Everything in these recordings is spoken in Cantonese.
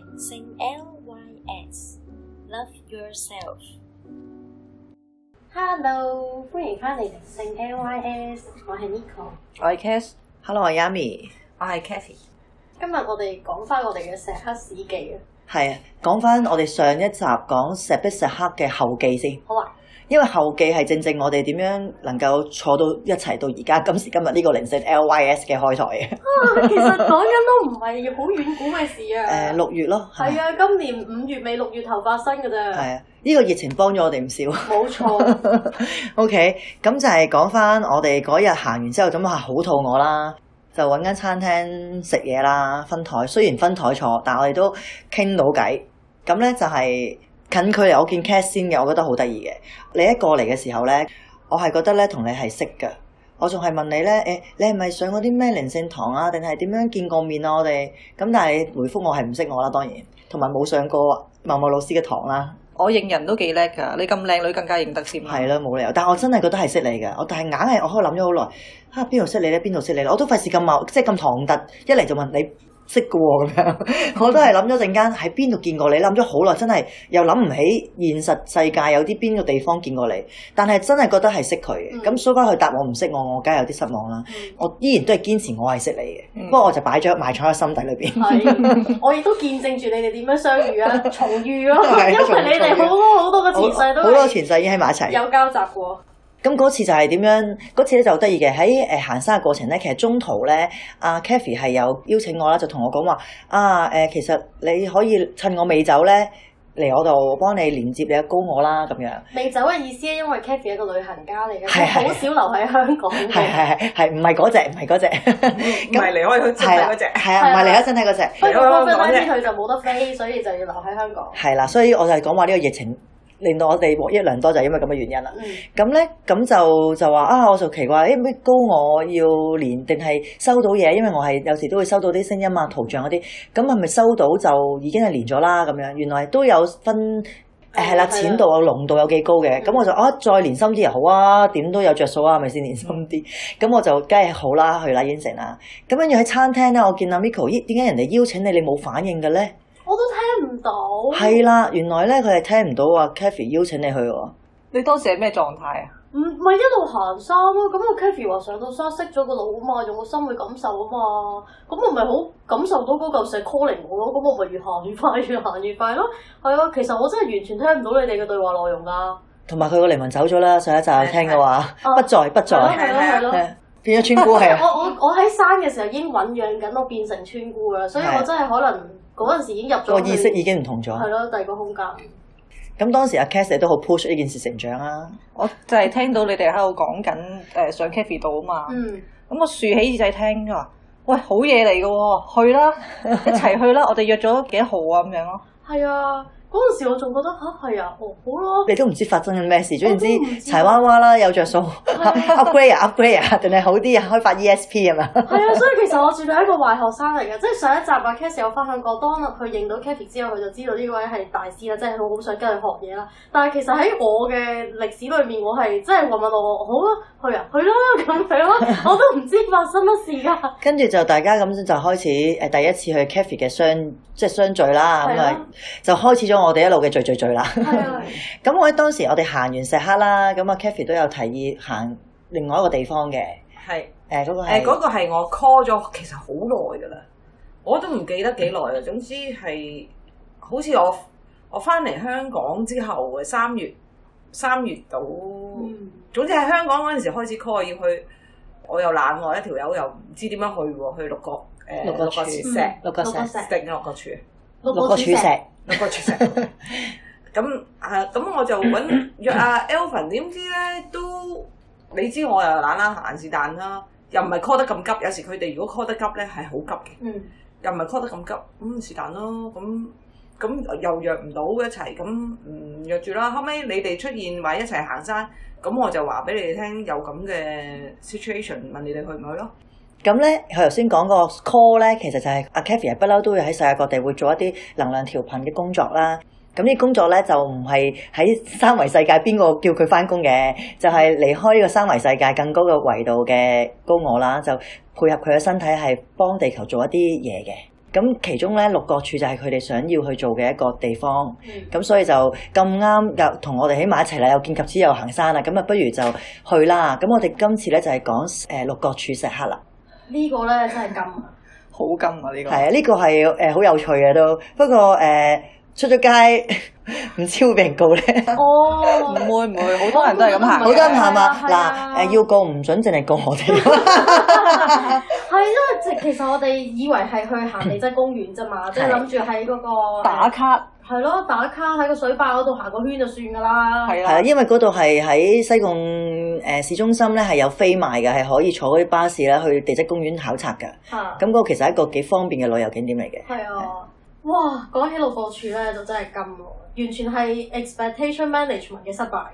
靈性 L Y S，Love Yourself。Hello，歡迎翻嚟靈性 L Y S，我係 Nico，我係 Cass。Hello，我係 Yami，我係 Kathy。今日我哋講翻我哋嘅石刻史記啊。係啊，講翻我哋上一集講石壁石刻嘅後記先。好啊。因為後記係正正我哋點樣能夠坐到一齊到而家今時今日呢個靈性 LYS 嘅開台啊！其實講緊都唔係好遠古嘅事啊！誒、 呃，六月咯，係啊，今年五月尾六月頭發生嘅啫。係啊，呢、這個熱情幫咗我哋唔少。冇錯錯。O K，咁就係講翻我哋嗰日行完之後，咁啊好肚餓啦，就揾間餐廳食嘢啦，分台。雖然分台坐，但係我哋都傾到偈。咁咧就係、是。近距離我見 Cathy 先嘅，我覺得好得意嘅。你一過嚟嘅時候咧，我係覺得咧同你係識嘅。我仲係問你咧，誒、欸，你係咪上嗰啲咩靈性堂啊？定係點樣見過面啊？我哋咁，但係回覆我係唔識我啦，當然同埋冇上過某某老師嘅堂啦。我認人都幾叻㗎，你咁靚女更加認得先。係咯，冇理由。但我真係覺得係識你㗎。我但係硬係，我開諗咗好耐。嚇、啊，邊度識你咧？邊度識你？我都費事咁茂，即係咁唐突，一嚟就問你。識過，我都係諗咗陣間喺邊度見過你，諗咗好耐，真係又諗唔起現實世界有啲邊個地方見過你，但係真係覺得係識佢嘅。咁所以佢答我唔識我，我梗係有啲失望啦。嗯、我依然都係堅持我係識你嘅，不過、嗯、我就擺咗埋藏喺心底裏邊。我亦都見證住你哋點樣相遇啊重遇咯，因為你哋好多好多個前世都好多前世已經喺埋一齊，有交集過。咁嗰次就係點樣？嗰次咧就得意嘅，喺誒行山嘅過程咧，其實中途咧，阿 Cathy 係有邀請我啦，就同我講話啊誒，其實你可以趁我未走咧嚟我度幫你連接你阿高我啦咁樣。未走嘅意思咧，因為 Cathy 係一個旅行家嚟嘅，佢好少留喺香港嘅。係係係，唔係嗰隻，唔係嗰隻，唔係離開去接嗰隻，係啊，唔係離開去接嗰隻。不過嗰個佢就冇得飛，所以就要留喺香港。係啦，所以我就係講話呢個疫情。令到我哋獲益良多就係因為咁嘅原因啦。咁咧、嗯，咁就就話啊，我就奇怪，因、哎、為高我要連定係收到嘢，因為我係有時都會收到啲聲音啊、圖像嗰啲。咁係咪收到就已經係連咗啦？咁樣原來都有分誒係、哎、啦，淺度啊、濃度有幾高嘅。咁、嗯、我就啊，再連深啲又好啊，點都有着數啊，係咪先連深啲？咁我就梗係好啦，去拉應承啊。咁樣跟住喺餐廳咧，我見阿 Miko，咦，點解人哋邀請你，你冇反應嘅咧？我都聽唔到。係啦，原來咧佢係聽唔到啊！Kathy 邀請你去喎。你當時係咩狀態啊？唔咪，嗯、一路行山咯，咁啊 Kathy 話上到山識咗個路啊嘛，用個心去感受啊嘛，咁我咪好感受到嗰嚿石 call 嚟我咯，咁我咪越行越快，越行越快咯。係啊，其實我真係完全聽唔到你哋嘅對話內容噶。同埋佢個靈魂走咗啦，上一集聽嘅話不在， 啊、不在，係咯、係咯，變咗村姑係。我我我喺山嘅時候已經醞釀緊，我變成村姑啦，所以我真係可能。嗰陣時已經入咗去，個意識已經唔同咗，係咯，第二個空間。咁當時阿 Cathy 都好 push 呢件事成長啊！我就係聽到你哋喺度講緊誒上 Cathy 度啊嘛，咁、嗯、我豎起耳仔聽㗎，喂，好嘢嚟㗎喎，去啦，一齊去啦！ 我哋約咗幾號啊？咁樣咯，係啊。嗰陣時我仲覺得嚇係啊，啊，哦好咯，你都唔知發生緊咩事，總然之柴娃娃啦有着數，upgrade upgrade 啊，定係、 啊啊、 好啲啊，開發 ESP 係嘛。啊？係啊，所以其實我算係一個壞學生嚟嘅，即係上一集啊，Cathy 我分享過，當日佢認到 Cathy 之後，佢就知道呢位係大師啦，即係好好想跟佢學嘢啦。但係其實喺我嘅歷史裏面，我係真係問問我，好啊去啊去啦咁樣，我都唔知發生乜事㗎。 跟住就大家咁就開始誒第一次去 Cathy 嘅相即係、就、相、是、聚啦，咁啊 就，就開始咗。我哋一路嘅聚聚聚啦的，咁 我喺當時我哋行完石刻啦，咁啊 Cathy 都有提議行另外一個地方嘅，係誒嗰個誒嗰係我 call 咗其實好耐噶啦，我都唔記得幾耐啦，總之係好似我我翻嚟香港之後嘅三月三月到，嗯、總之喺香港嗰陣時開始 call 要去，我又懶喎，一條友又唔知點樣去喎，去六角，誒、呃、六角柱、嗯、石六角石定六角柱？六角柱石，六角柱石。咁 啊，咁我就揾約阿 Elvin，點知咧，都你知我又懶啦，行是但啦，又唔係 call 得咁急。有時佢哋如果 call 得急咧，係好急嘅，嗯嗯，又唔係 call 得咁急，咁是但咯。咁咁又約唔到一齊，咁嗯約住啦。後尾你哋出現話一齊行山，咁我就話俾你哋聽有咁嘅 situation，問你哋去唔去咯。咁咧，佢頭先講個 call 咧，其實就係阿 Cathy 不嬲都會喺世界各地會做一啲能量調頻嘅工作啦。咁呢啲工作咧就唔係喺三維世界邊個叫佢翻工嘅，就係離開呢個三維世界更高嘅維度嘅高我啦，就配合佢嘅身體係幫地球做一啲嘢嘅。咁其中咧六角柱就係佢哋想要去做嘅一個地方。咁所以就咁啱又同我哋起埋一齊啦，又見及此又行山啦。咁啊，不如就去啦。咁我哋今次咧就係講誒六角柱石刻啦。個呢個咧真係金， 好金啊！呢、這個係啊，呢 個係誒好有趣嘅都、喔，不過誒出咗街唔招俾人告咧。哦，唔會唔會，好多人都係咁行，好、嗯嗯嗯嗯、多人都行啊！嗱，誒要告唔準淨係告我哋。係啊，即係其實我哋以為係去行地質公園咋嘛，即係諗住喺嗰個打卡。係咯，打卡喺個水壩嗰度行個圈就算噶啦。係啊，因為嗰度係喺西貢。誒市中心咧係有飛賣嘅，係可以坐啲巴士啦去地質公園考察嘅。嚇、啊！咁嗰個其實係一個幾方便嘅旅遊景點嚟嘅。係啊！是哇，講起路貨處六角柱咧就真係咁咯，完全係 expectation management 嘅失敗。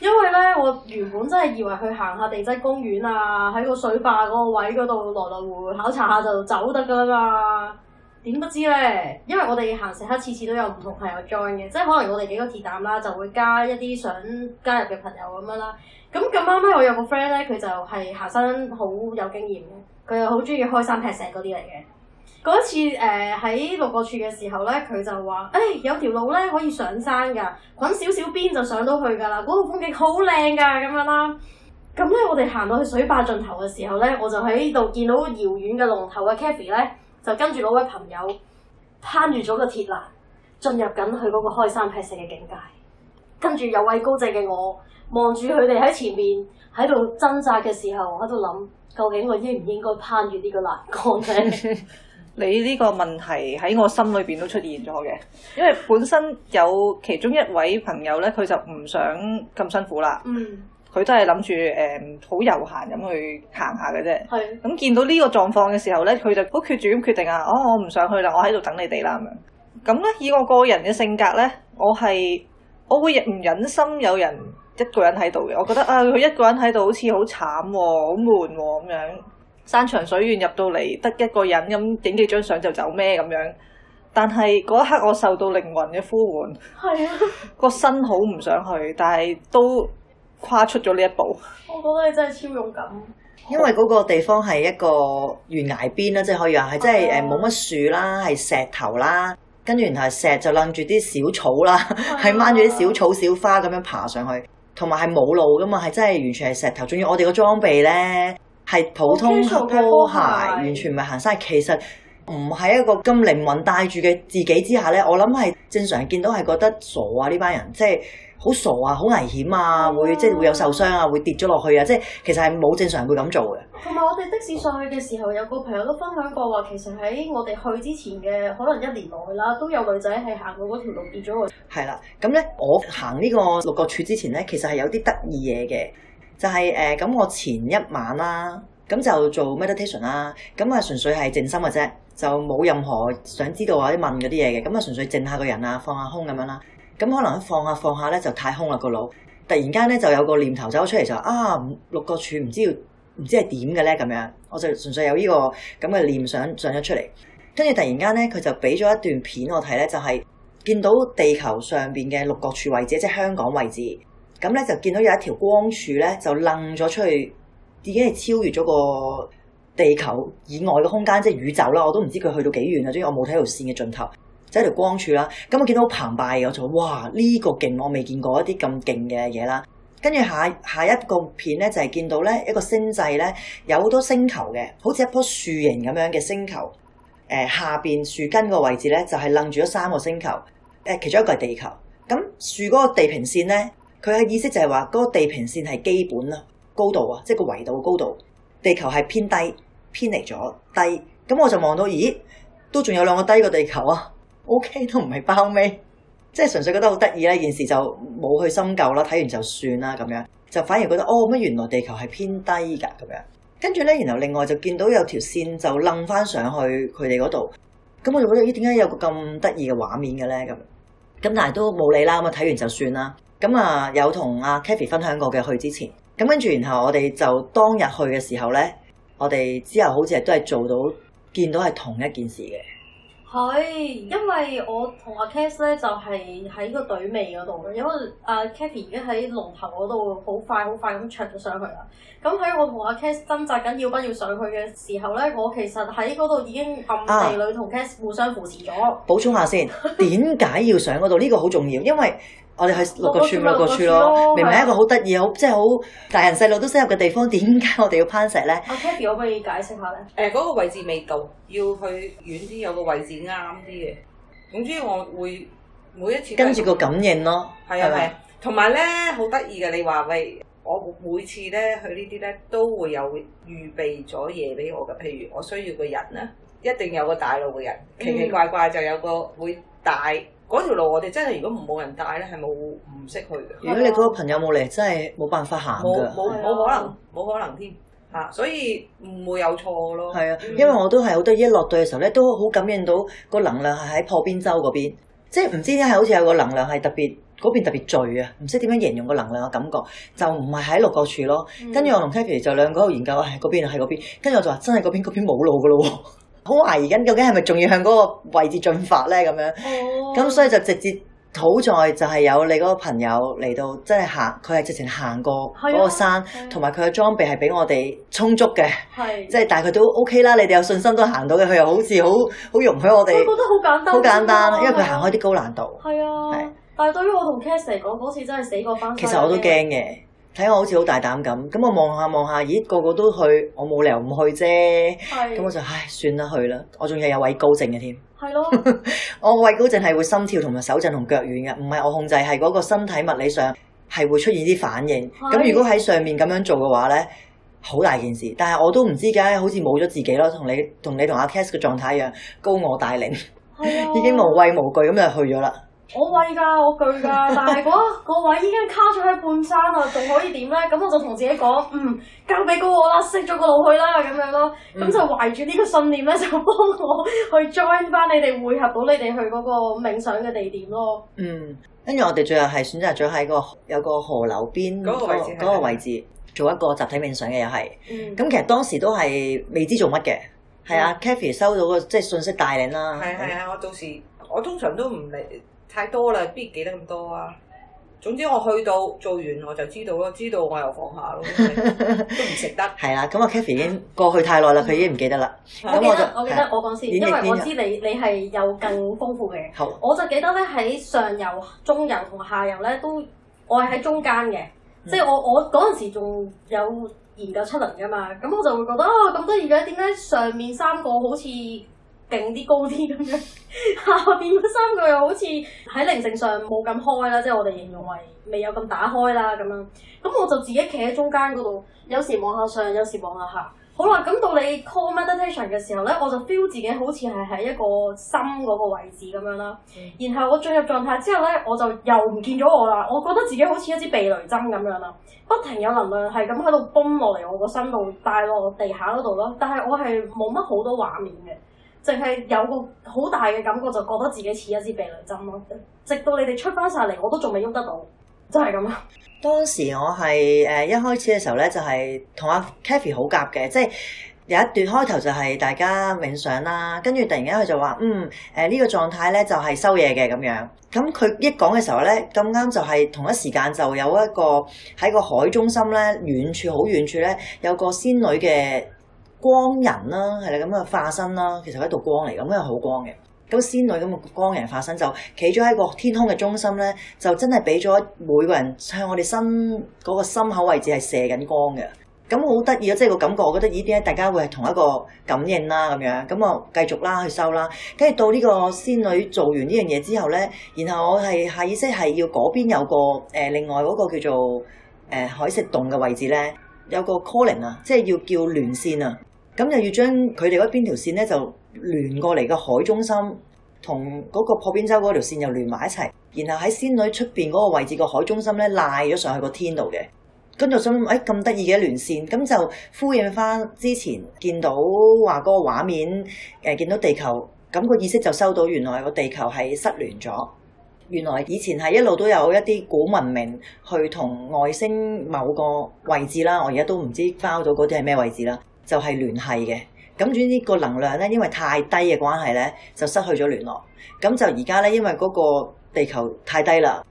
因為咧，我原本真係以為去行下地質公園啊，喺個水壩嗰個位嗰度來來回回考察下就走得㗎啦。點不知咧？因為我哋行石刻，次次都有唔同朋友 join 嘅，即係可能我哋幾個鐵膽啦，就會加一啲想加入嘅朋友咁樣啦。咁咁啱咧，我有個 friend 咧，佢就係行山好有經驗嘅，佢又好鍾意開山劈石嗰啲嚟嘅。嗰次誒喺、呃、六角柱嘅時候咧，佢就話，誒、哎、有條路咧可以上山㗎，滾少少邊就上到去㗎啦，嗰、那、度、個、風景好靚㗎，咁樣啦。咁咧，我哋行到去水壩盡頭嘅時候咧，我就喺度見到遙遠嘅龍頭嘅 Cathy 咧。就跟住嗰位朋友攀住咗個鐵欄，進入緊佢嗰個開山劈石嘅境界。跟住有畏高症嘅我，望住佢哋喺前面，喺度掙扎嘅時候，我喺度諗究竟我應唔應該攀住呢個欄杆呢？ 你呢個問題喺我心裏邊都出現咗嘅，因為本身有其中一位朋友咧，佢就唔想咁辛苦啦。嗯。佢都係諗住誒，好、嗯、悠閒咁去行下嘅啫。咁的見到呢個狀況嘅時候呢，佢就好決絕咁決定啊！哦，我唔想去啦，我喺度等你哋啦咁樣。咁咧，以我個人嘅性格呢，我係我會唔忍心有人一個人喺度嘅。我覺得啊，佢、哎、一個人喺度好似好慘、啊，好悶咁、啊、樣。山長水遠入到嚟，得一個人咁影幾張相就走咩咁樣？但係嗰一刻我受到靈魂嘅呼喚，的 個身好唔想去，但係都。跨出咗呢一步，我覺得你真係超勇敢。因為嗰個地方係一個懸崖邊啦，即係可以話係，即係誒冇乜樹啦，係石頭啦，跟住然後石就擸住啲小草啦，係掹住啲小草小花咁樣爬上去，同埋係冇路噶嘛，係真係完全係石頭。仲要我哋個裝備呢，係普通拖鞋， 完全唔係行山。其實唔係一個咁靈魂帶住嘅自己之下呢，我諗係正常見到係覺得傻啊呢班人，即係。好傻啊！好危險啊！會即係會有受傷啊，會跌咗落去啊！即係其實係冇正常人會咁做嘅。同埋我哋的士上去嘅時候，有個朋友都分享過話，其實喺我哋去之前嘅可能一年內啦，都有女仔係行過嗰條路跌咗落。係啦，咁咧我行呢個六角柱之前咧，其實係有啲得意嘢嘅，就係誒咁我前一晚啦，咁就做 meditation 啦，咁啊純粹係靜心嘅啫，就冇任何想知道或者問嗰啲嘢嘅，咁啊純粹靜下個人啊，放下空咁樣啦。咁可能一放下放下咧就太空啦個腦，突然間咧就有個念頭走咗出嚟就話啊，六角柱唔知要唔知係點嘅咧咁樣，我就純粹有呢個咁嘅念想上咗出嚟，跟住突然間咧佢就俾咗一段片我睇咧，就係見到地球上邊嘅六角柱位置，即係香港位置，咁咧就見到有一條光柱咧就楞咗出去，已經係超越咗個地球以外嘅空間，即係宇宙啦，我都唔知佢去到幾遠啊，因為我冇睇到線嘅盡頭。喺條光柱啦，咁我見到好澎湃嘅，我就，哇！呢、這個勁，我未見過一啲咁勁嘅嘢啦。跟住下下一個片咧，就係、是、見到咧一個星際咧有好多星球嘅，好似一棵樹形咁樣嘅星球。誒、呃、下邊樹根個位置咧，就係、是、楞住咗三個星球。誒、呃、其中一個係地球咁樹嗰個地平線咧，佢嘅意思就係話嗰個地平線係基本啦高度啊，即係個維度高度。地球係偏低偏離咗低咁，我就望到咦，都仲有兩個低過地球啊！O.K. 都唔係包尾，即係純粹覺得好得意啦！件事就冇去深究啦，睇完就算啦咁樣，就反而覺得哦，乜原來地球係偏低㗎咁樣。跟住呢，然後另外就見到有條線就冧翻上去佢哋嗰度，咁我就覺得咦，點解有個咁得意嘅畫面嘅呢？咁咁但係都冇理啦，咁啊睇完就算啦。咁啊有同阿 Cathy 分享過嘅去之前，咁跟住然後我哋就當日去嘅時候呢，我哋之後好似係都係做到見到係同一件事嘅。係，因為我同阿 Kes 咧就係、是、喺個隊尾嗰度，因為阿 Kathy 已經喺龍頭嗰度，好快好快咁搶咗上去啦。咁喺我同阿 Kes 掙扎緊要不要上去嘅時候咧，我其實喺嗰度已經暗地裏同 Kes 互相扶持咗、啊。補充下先，點解 要上嗰度？呢、這個好重要，因為。我哋去六角柱，六角柱咯，明明一個好得意、好的即係好大人細路都適合嘅地方，點解我哋要攀石咧？阿 Cathy 可唔可以解釋下咧？誒、呃，嗰、那個位置未到，要去遠啲，有個位置啱啲嘅。總之，我會每一次跟住個感應咯，係咪的？同埋咧，好得意嘅，你話喂，我每次咧去呢啲咧，都會有預備咗嘢俾我嘅，譬如我需要個人咧，一定有一個大陸嘅人，奇奇怪怪，怪就有個會帶。Mm. 嗰條路我哋真係如果唔冇人帶咧，係冇唔識去嘅。如果你嗰個朋友冇嚟，真係冇辦法行㗎。冇冇可能，冇、嗯、可能添嚇、啊，所以唔會有錯嘅咯。係啊，因為我都係好多一落對嘅時候咧，都好感應到個能量係喺破邊洲嗰邊，即係唔知點解，好似有個能量係特別嗰邊特別聚啊，唔識點樣形容個能量嘅感覺，就唔係喺六角柱咯。跟住、嗯、我同 Cathy 就兩個喺度研究，係嗰邊啊，係嗰邊。跟住我就話，真係嗰邊嗰邊冇路㗎咯喎。好懷疑緊，究竟係咪仲要向嗰個位置進發咧？咁樣，咁所以就直接好在就係有你嗰個朋友嚟到，真係行，佢係直情行過嗰個山，同埋佢嘅裝備係比我哋充足嘅，即係 Yeah. 大概都 OK 啦，你哋有信心都行到嘅，佢又好似好好容許我哋，我覺得好簡單，好簡單，因為佢行開啲高難度，係啊 Yeah. 是。但係對於我同 Cathy 嚟講，嗰次真係死過返。其實我都驚嘅。睇我好似好大膽咁，咁我望下望下，咦，個個都去，我冇理由唔去啫。咁是的 我就唉，算啦去啦，我仲要有畏高症嘅添。是的 我畏高症係會心跳同埋手震同腳軟嘅，唔係我控制，係嗰個身體物理上係會出現啲反應。咁是的 如果喺上面咁樣做嘅話呢，好大件事。但係我都唔知點解好似冇咗自己咯。同你同你同阿 Kass 嘅狀態一樣，高我帶領，是的 已經無畏無懼咁就去咗啦。我畏㗎，我攰㗎，但係嗰位已經卡咗喺半山啊，仲可以點咧？咁我就同自己講，嗯，交俾嗰個啦，熄咗個腦去啦，咁樣咯。咁就懷住呢個信念咧，就幫我去 join 翻你哋會合到你哋去嗰個冥想嘅地點咯。嗯，跟住我哋最後係選擇咗喺個有個河流邊嗰個位置做一個集體冥想嘅又係。咁其實當時都係未知做乜嘅，係啊，Kathy 收到個即係信息帶領啦。係係啊，我到時我通常都唔理。太多啦，邊記得咁多啊？總之我去到做完我就知道咯，知道我又放下咯，都唔食得。係啦，咁啊，Kathy 已經過去太耐啦，佢已經唔記得啦。我記得，我記得，我講先，因為我知你你係有更豐富嘅。好，我就記得咧喺上游、中游同下游咧都，我係喺中間嘅，即係我我嗰陣時仲有研究七輪噶嘛，咁我就會覺得啊咁得意嘅，點解上面三個好似？勁啲高啲咁樣，下邊嗰三個又好似喺靈性上冇咁開啦，即係我哋形容為未有咁打開啦咁樣。咁我就自己企喺中間嗰度，有時望下上，有時望下下。好啦，咁到你 call meditation 嘅時候咧，我就 feel 自己好似係喺一個心嗰個位置咁樣啦。然後我進入狀態之後咧，我就又唔見咗我啦。我覺得自己好似一支避雷針咁樣啦，不停有能量係咁喺度崩落嚟我個身度，帶落我地下嗰度咯。但係我係冇乜好多畫面嘅。淨係有個好大嘅感覺，就覺得自己似一支避雷針咯。直到你哋出翻晒嚟，我都仲未喐得到，真係咁啦。當時我係誒一開始嘅時候咧，就係同阿 Kathy 好夾嘅，即係有一段開頭就係大家冥想啦，跟住突然間佢就話：嗯誒呢個狀態咧就係收嘢嘅咁樣。咁佢一講嘅時候咧，咁啱就係同一時間就有一個喺個海中心咧，遠處好遠處咧有個仙女嘅。光人啦、啊，係啦，咁嘅化身啦、啊，其實係一道光嚟，咁係好光嘅。咁仙女咁嘅光人化身就企咗喺個天空嘅中心咧，就真係俾咗每個人向我哋身嗰個心口位置係射緊光嘅。咁好得意啊！即、就、係、是、個感覺，我覺得呢啲咧，大家會係同一個感應啦、啊，咁樣咁我繼續啦去收啦。跟住到呢個仙女做完呢樣嘢之後咧，然後我係下意識係要嗰邊有個誒、呃、另外嗰個叫做誒、呃、海蝕洞嘅位置咧，有個 calling 啊，即係要叫連線啊。咁就要將佢哋嗰邊條線咧，就連過嚟嘅海中心同嗰個破邊洲嗰條線又連埋一齊，然後喺仙女出邊嗰個位置個海中心咧，賴咗上去個天度嘅。跟住想，哎咁得意嘅連線，咁就呼應翻之前見到話嗰個畫面，誒、呃、見到地球，咁個意識就收到，原來個地球係失聯咗。原來以前係一路都有一啲古文明去同外星某個位置啦，我而家都唔知包到嗰啲係咩位置啦。就係聯繫嘅，咁總之呢個能量咧，因為太低嘅關係咧，就失去咗聯絡。咁就而家咧，因為嗰個地球太低啦，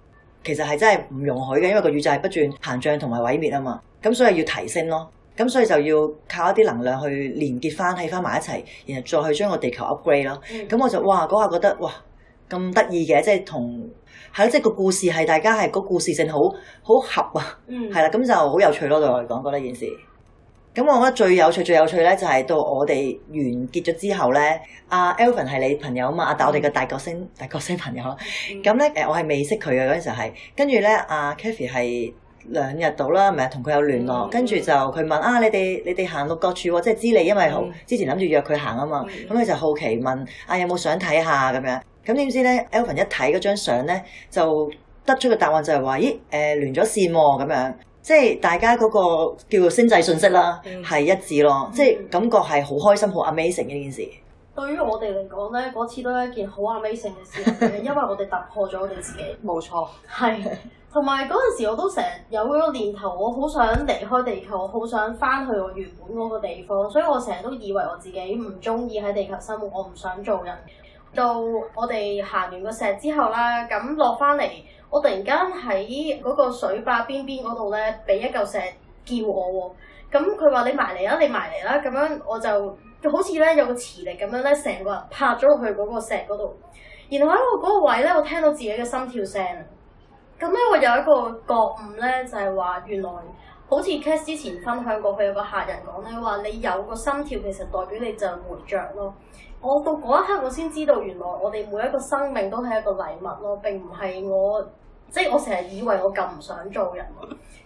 其實係真係唔容許嘅，因為個宇宙係不斷膨脹同埋毀滅啊嘛。咁所以要提升咯，咁所以就要靠一啲能量去連結翻，喺翻埋一齊，然後再去將個地球 upgrade 咯。咁、嗯、我就哇嗰下覺得哇咁得意嘅，即係同係咯，即係、個故事係大家係個故事性好好合啊，係啦、嗯，咁 就好有趣咯，對我嚟講嗰一件事。咁我覺得最有趣最有趣咧，就係到我哋完結咗之後咧，阿 Elvin 係你朋友啊嘛，阿達我哋嘅大角星大角星朋友，咁咧誒我係未識佢嘅嗰陣時係、啊，跟住咧阿 Kathy 係兩日到啦，咪同佢有聯絡，跟住、嗯、就佢問啊你哋你哋行六角柱喎、哦，即係知你因為好之前諗住約佢行啊嘛，咁佢、嗯嗯、就好奇問啊有冇相睇下咁樣，咁點知咧 Elvin 一睇嗰張相咧就得出個答案就係話咦誒、呃呃、聯咗線喎、啊、咁樣。即係大家嗰個叫做星際信息啦，係一致咯，嗯、即係感覺係好開心，好 amazing 嘅件事。對於我哋嚟講咧，嗰次都係一件好 amazing 嘅事， 因為我哋突破咗我哋自己。冇錯，係。同埋嗰陣時我都成日有嗰個念頭，我好想離開地球，我好想翻去我原本嗰個地方，所以我成日都以為我自己唔中意喺地球生活，我唔想做人。到我哋行完個石之後啦，咁落翻嚟。我突然間喺嗰個水壩邊邊嗰度咧，俾一嚿石叫我喎、哦。咁佢話：你埋嚟啦，你埋嚟啦。咁樣我就好似咧有個磁力咁樣咧，成個人拍咗落去嗰個石嗰度。然後喺我嗰個位咧，我聽到自己嘅心跳聲。咁、嗯、咧、嗯，我有一個覺悟咧，就係、是、話原來好似 Cathy 之前分享過，佢有個客人講咧話，你有個心跳其實代表你就活着咯。我到嗰一刻我先知道，原來我哋每一個生命都係一個禮物咯，並唔係我。即係我成日以為我咁唔想做人，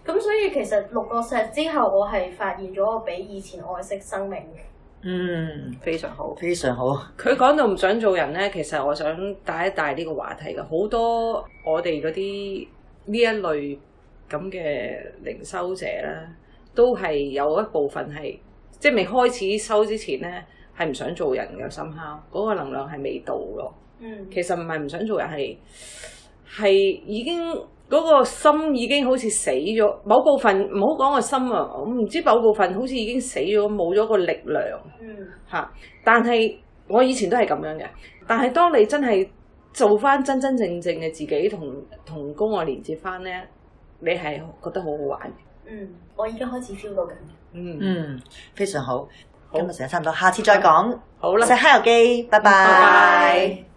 咁所以其實六個石之後，我係發現咗我比以前愛惜生命嘅。嗯，非常好，非常好。佢講到唔想做人呢，其實我想帶一帶呢個話題嘅。好多我哋嗰啲呢一類咁嘅靈修者呢，都係有一部分係即係未開始修之前呢，係唔想做人嘅心敲，嗰個能量係未到咯。嗯，其實唔係唔想做人係。係已經嗰個心已經好似死咗，某部分唔好講個心啊，我唔知某部分好似已經死咗，冇咗個力量嚇、嗯。但係我以前都係咁樣嘅，但係當你真係做翻真真正正嘅自己，同同高我連接翻咧，你係覺得好好玩。嗯，我已經開始 feel 到緊。嗯嗯，非常好。今日時間差唔多，下次再講。好啦，食蝦油雞，拜拜。拜，拜。